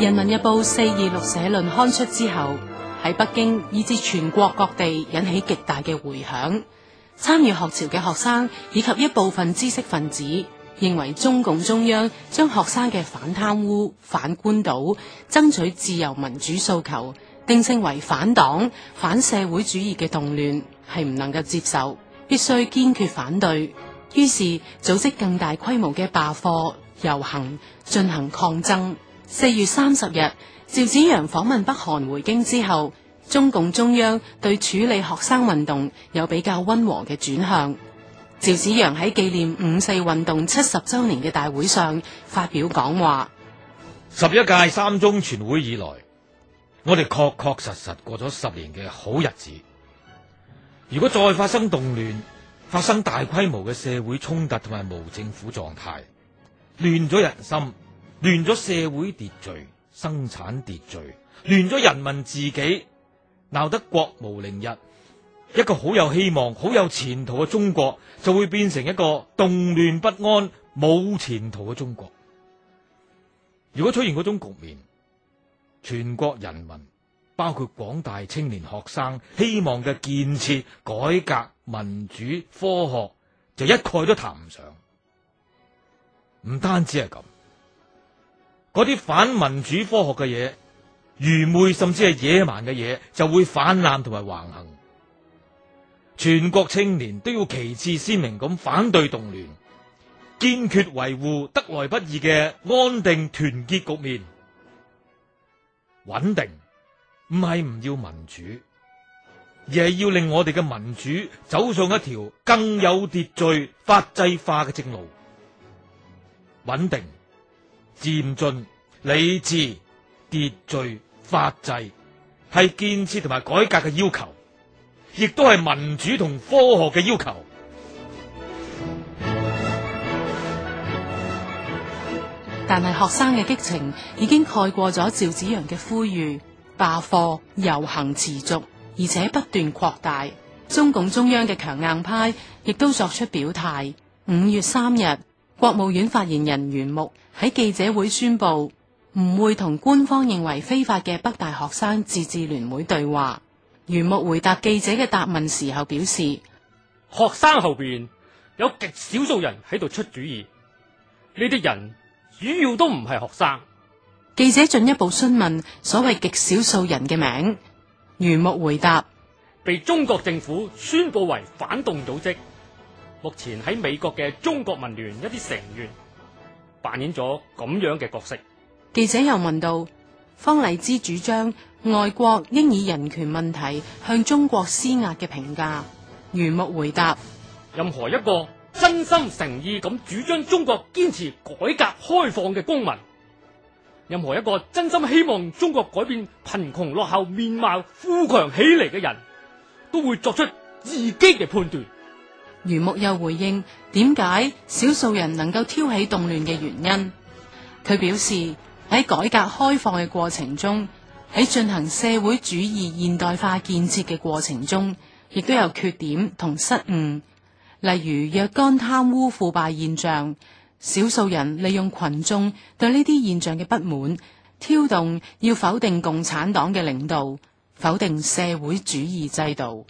《人民日報》四二六社論刊出之後，喺北京以至全國各地引起極大嘅迴響。參與學潮嘅學生以及一部分知識分子認為，中共中央將學生嘅反貪污、反官倒、爭取自由民主訴求定性為反黨、反社會主義嘅動亂，係唔能夠接受，必須堅決反對。於是，組織更大規模嘅罷課、遊行，進行抗爭。四月三十日，趙紫陽訪問北韓回京之後，中共中央對處理學生運動有比較温和嘅轉向。趙紫陽喺紀念五四運動七十周年嘅大會上發表講話：十一屆三中全會以來，我哋確確實實過咗十年嘅好日子。如果再發生動亂，發生大規模嘅社會衝突同埋無政府狀態，亂咗人心。亂咗社會秩序、生產秩序，亂咗人民自己，鬧得國無寧日。一個好有希望、好有前途嘅中國，就會變成一個動亂不安、冇前途嘅中國。如果出現嗰種局面，全國人民，包括廣大青年學生，希望嘅建設、改革、民主、科學，就一概都談唔上。唔單止係咁。嗰啲反民主、科學嘅嘢、愚昧甚至係野蠻嘅嘢，就會泛濫同埋橫行。全國青年都要旗幟鮮明咁反對動亂，堅決維護得來不易嘅安定團結局面、穩定。唔係唔要民主，而係要令我哋嘅民主走上一條更有秩序、法制化嘅正路。穩定。漸進、理智、秩序、法制，係建設同埋改革嘅要求，亦都係民主同科學嘅要求。但係學生嘅激情已經蓋過咗趙紫陽嘅呼籲，罷課遊行持續而且不斷擴大。中共中央嘅強硬派亦都作出表態。五月三日。國務院發言人袁木喺記者會宣布唔會同官方認為非法嘅北大學生自治聯會對話。袁木回答記者嘅答問時候表示，學生後邊有極少數人喺度出主意，呢啲人主要都唔係學生。記者進一步詢問所謂極少數人嘅名，袁木回答被中國政府宣布為反動組織。目前喺美國嘅中國民聯一啲成員扮演咗咁樣嘅角色。記者又問到：方勵之主張外國應以人權問題向中國施壓嘅評價，袁木回答：任何一個真心誠意咁主張中國堅持改革開放嘅公民，任何一個真心希望中國改變貧窮落後面貌富強起嚟嘅人，都會作出自己嘅判斷。余木又回應點解少數人能夠挑起動亂嘅原因。佢表示喺改革開放嘅過程中，喺進行社會主義現代化建設嘅過程中，亦都有缺點同失誤。例如若干貪污腐敗現象，少數人利用群眾對呢啲現象嘅不滿，挑動要否定共產黨嘅領導，否定社會主義制度。